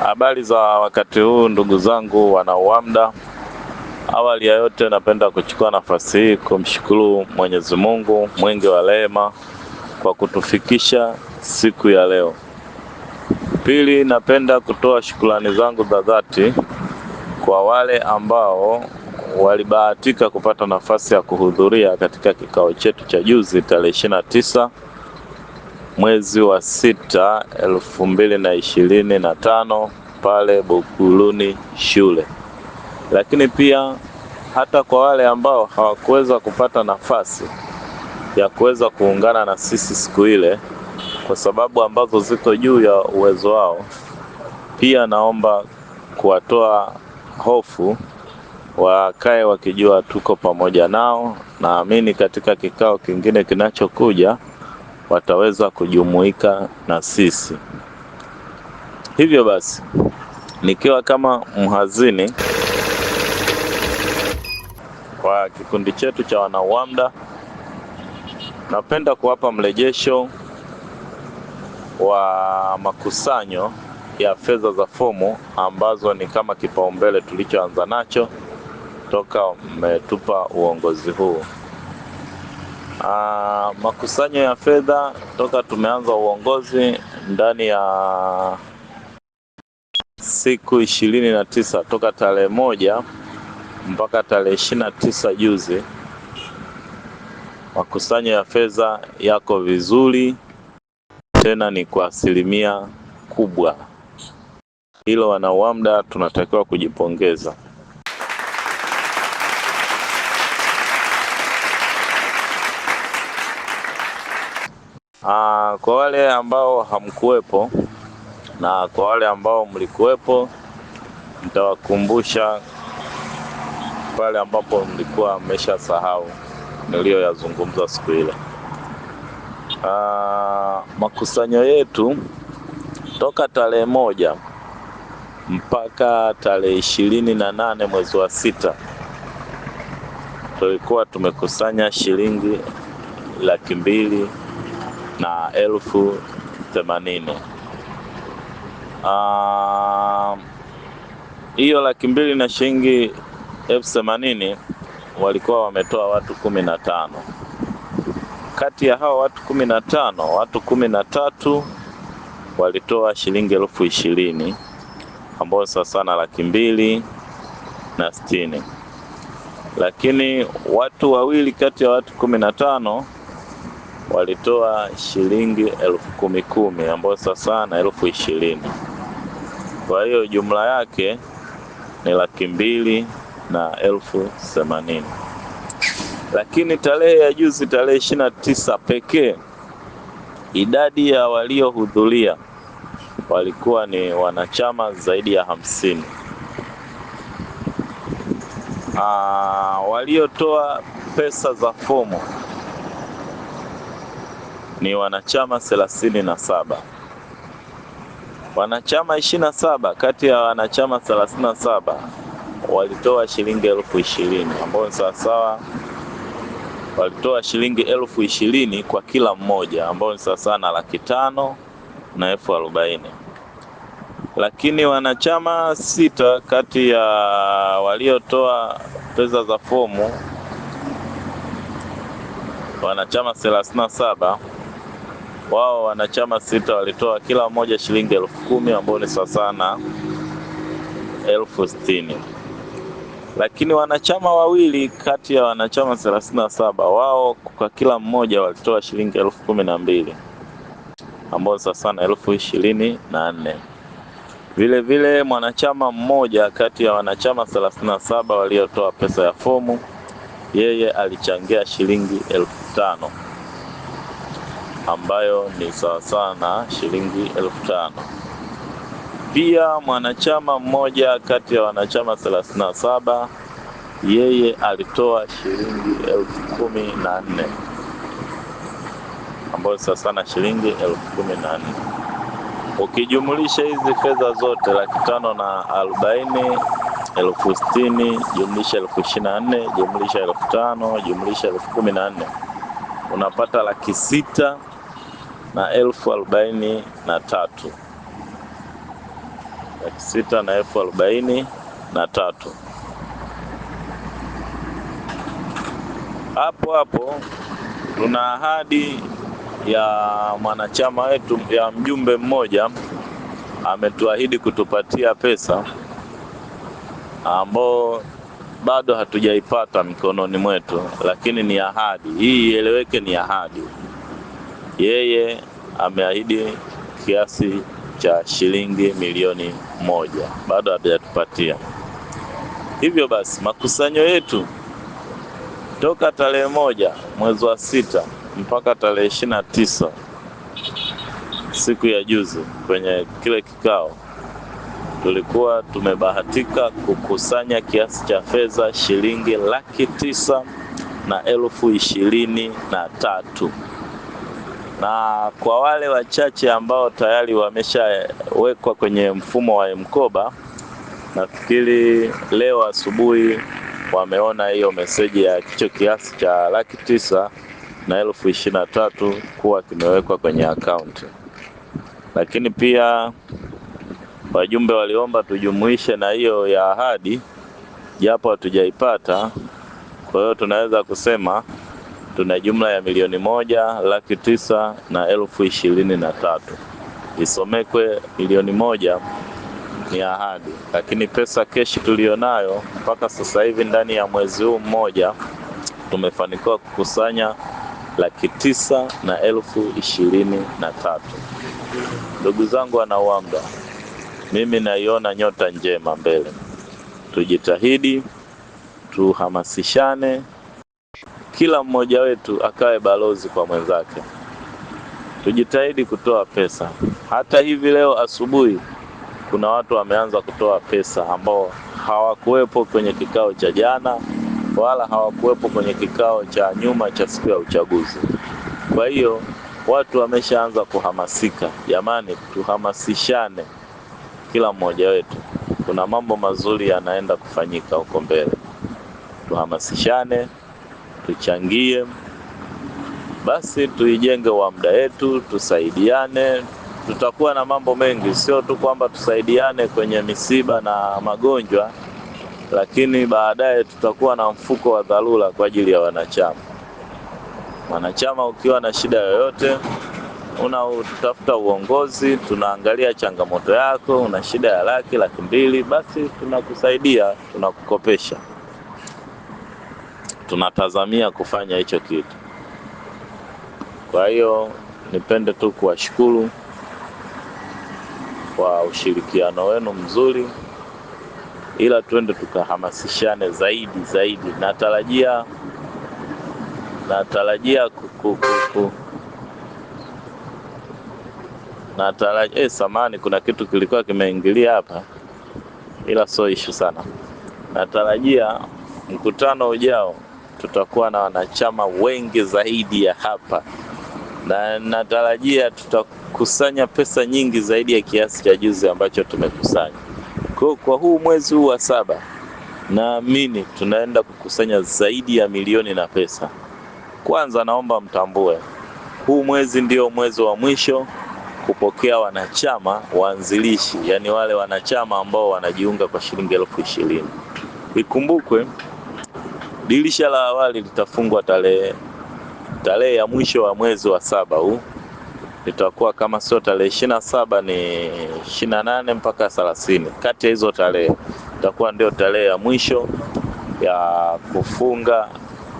Habari za wakati huu ndugu zangu wana UWAMDA. Awali ya yote, napenda kuchukua nafasi hii kumshukuru Mwenyezi Mungu mwingi wa rehema kwa kutufikisha siku ya leo. Pili, napenda kutoa shukrani zangu za dhati kwa wale ambao walibahatika kupata nafasi ya kuhudhuria katika kikao chetu cha juzi tarehe ishirini na tisa mwezi wa sita elfu mbili na ishirini na tano pale Bukuluni shule. Lakini pia hata kwa wale ambao hawakuweza kupata nafasi ya kuweza kuungana na sisi siku ile kwa sababu ambazo ziko juu ya uwezo wao, pia naomba kuwatoa hofu, wakae wakijua tuko pamoja nao. Naamini katika kikao kingine kinachokuja wataweza kujumuika na sisi. Hivyo basi, nikiwa kama mhazini kwa kikundi chetu cha wanauwamda napenda kuwapa mrejesho wa makusanyo ya fedha za fomu ambazo ni kama kipaumbele tulichoanza nacho toka mmetupa uongozi huu. Aa, ah, makusanyo ya fedha toka tumeanza uongozi ndani ya siku ishirini na tisa toka tarehe moja mpaka tarehe ishirini na tisa juzi, makusanyo ya fedha yako vizuri, tena ni kwa asilimia kubwa. Hilo wanauamda tunatakiwa kujipongeza. Aa, ah, kwa wale ambao hamkuwepo na kwa wale ambao mlikuwepo, nitawakumbusha pale ambapo mlikuwa mmeshasahau niliyoyazungumza siku ile. Aa, ah, makusanyo yetu toka tarehe moja mpaka tarehe ishirini na nane mwezi wa sita tulikuwa tumekusanya shilingi laki mbili na elfu themanini ah, hiyo uh, laki mbili na shilingi elfu themanini walikuwa wametoa watu kumi na tano kati ya hao watu kumi na tano watu kumi na tatu walitoa shilingi elfu ishirini ambayo sawasawa na laki mbili na sitini lakini watu wawili kati ya watu kumi na tano walitoa shilingi elfu kumi kumi ambayo sasa na elfu ishirini kwa hiyo jumla yake ni laki mbili na elfu themanini lakini tarehe ya juzi tarehe ishirini na tisa pekee idadi ya waliohudhuria walikuwa ni wanachama zaidi ya hamsini. Ah, waliotoa pesa za fomu ni wanachama thelathini na saba. Wanachama ishirini na saba kati ya wanachama thelathini na saba walitoa shilingi elfu ishirini ambayo ni sawasawa, walitoa shilingi elfu ishirini kwa kila mmoja ambayo ni sawasawa na laki tano na elfu arobaini lakini wanachama sita kati ya waliotoa pesa za fomu wanachama thelathini na saba wao wanachama sita walitoa kila mmoja shilingi elfu kumi ambayo ni sawa sana elfu sitini lakini wanachama wawili kati ya wanachama thelathini na saba wao kwa kila mmoja walitoa shilingi elfu kumi na mbili ambayo sawasawa na elfu ishirini na nne vile vile mwanachama mmoja kati ya wanachama thelathini na saba waliotoa pesa ya fomu yeye alichangia shilingi elfu tano ambayo ni sawasawa na shilingi elfu tano. Pia mwanachama mmoja kati ya wanachama 37 saba yeye alitoa shilingi elfu kumi na nne ambayo sasa na shilingi elfu kumi na nne. Ukijumlisha hizi fedha zote laki tano na arobaini elfu sitini jumlisha elfu ishirini na nne jumlisha elfu tano jumlisha elfu kumi na nne unapata laki sita na elfu arobaini na tatu laki sita na elfu arobaini na tatu Hapo hapo tuna ahadi ya mwanachama wetu ya mjumbe mmoja ametuahidi kutupatia pesa ambao bado hatujaipata mikononi mwetu, lakini ni ahadi hii, ieleweke ni ahadi. Yeye ameahidi kiasi cha shilingi milioni moja, bado hajatupatia. Hivyo basi makusanyo yetu toka tarehe moja mwezi wa sita mpaka tarehe ishirini na tisa siku ya juzi kwenye kile kikao tulikuwa tumebahatika kukusanya kiasi cha fedha shilingi laki tisa na elfu ishirini na tatu na kwa wale wachache ambao tayari wameshawekwa kwenye mfumo wa mkoba, nafikiri leo asubuhi wameona hiyo meseji ya kicho kiasi cha laki tisa na elfu ishirini na tatu kuwa kimewekwa kwenye akaunti. Lakini pia wajumbe waliomba tujumuishe na hiyo ya ahadi, japo hatujaipata. Kwa hiyo tunaweza kusema tuna jumla ya milioni moja laki tisa na elfu ishirini na tatu. Isomekwe milioni moja ni ahadi, lakini pesa keshi tuliyonayo mpaka sasa hivi ndani ya mwezi huu mmoja tumefanikiwa kukusanya laki tisa na elfu ishirini na tatu. Ndugu zangu wana mimi naiona nyota njema mbele. Tujitahidi, tuhamasishane kila mmoja wetu akawe balozi kwa mwenzake. Tujitahidi kutoa pesa. Hata hivi leo asubuhi kuna watu wameanza kutoa pesa ambao hawakuwepo kwenye kikao cha jana wala hawakuwepo kwenye kikao cha nyuma cha siku ya uchaguzi. Kwa hiyo watu wameshaanza kuhamasika. Jamani, tuhamasishane kila mmoja wetu, kuna mambo mazuri yanaenda kufanyika huko mbele, tuhamasishane tuchangie, basi tuijenge WAMDA yetu, tusaidiane. Tutakuwa na mambo mengi, sio tu kwamba tusaidiane kwenye misiba na magonjwa, lakini baadaye tutakuwa na mfuko wa dharura kwa ajili ya wanachama. Wanachama ukiwa na shida yoyote utafuta uongozi, tunaangalia changamoto yako, una shida ya laki laki mbili, basi tunakusaidia, tunakukopesha tunatazamia kufanya hicho kitu. Kwa hiyo nipende tu kuwashukuru kwa ushirikiano wenu mzuri, ila twende tukahamasishane zaidi zaidi. Natarajia natarajia kukuku natarajia eh, samani kuna kitu kilikuwa kimeingilia hapa, ila sio ishu sana. Natarajia mkutano ujao tutakuwa na wanachama wengi zaidi ya hapa, na natarajia tutakusanya pesa nyingi zaidi ya kiasi cha juzi ambacho tumekusanya. Kwa kwa huu mwezi huu wa saba, naamini tunaenda kukusanya zaidi ya milioni na pesa. Kwanza naomba mtambue huu mwezi ndio mwezi wa mwisho kupokea wanachama waanzilishi, yaani wale wanachama ambao wanajiunga kwa shilingi elfu ishirini. Ikumbukwe Dirisha la awali litafungwa tarehe tarehe ya mwisho wa mwezi wa saba huu, litakuwa kama sio tarehe ishirini na saba ni ishirini na nane mpaka thelathini Kati ya hizo tarehe itakuwa ndio tarehe ya mwisho ya kufunga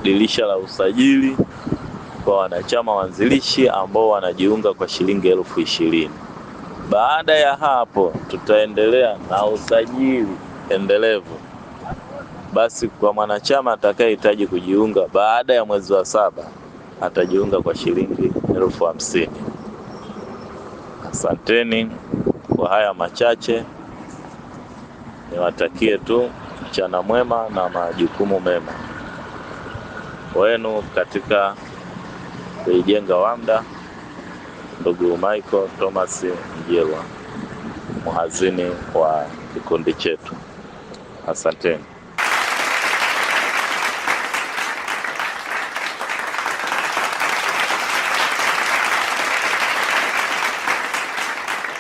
dirisha la usajili kwa wanachama wanzilishi ambao wanajiunga kwa shilingi elfu ishirini. Baada ya hapo, tutaendelea na usajili endelevu basi kwa mwanachama atakayehitaji kujiunga baada ya mwezi wa saba atajiunga kwa shilingi elfu hamsini. Asanteni kwa haya machache, niwatakie tu mchana mwema na majukumu mema wenu katika kuijenga WAMDA. Ndugu Michael Thomas Mjelwa, mhazini wa kikundi chetu. Asanteni.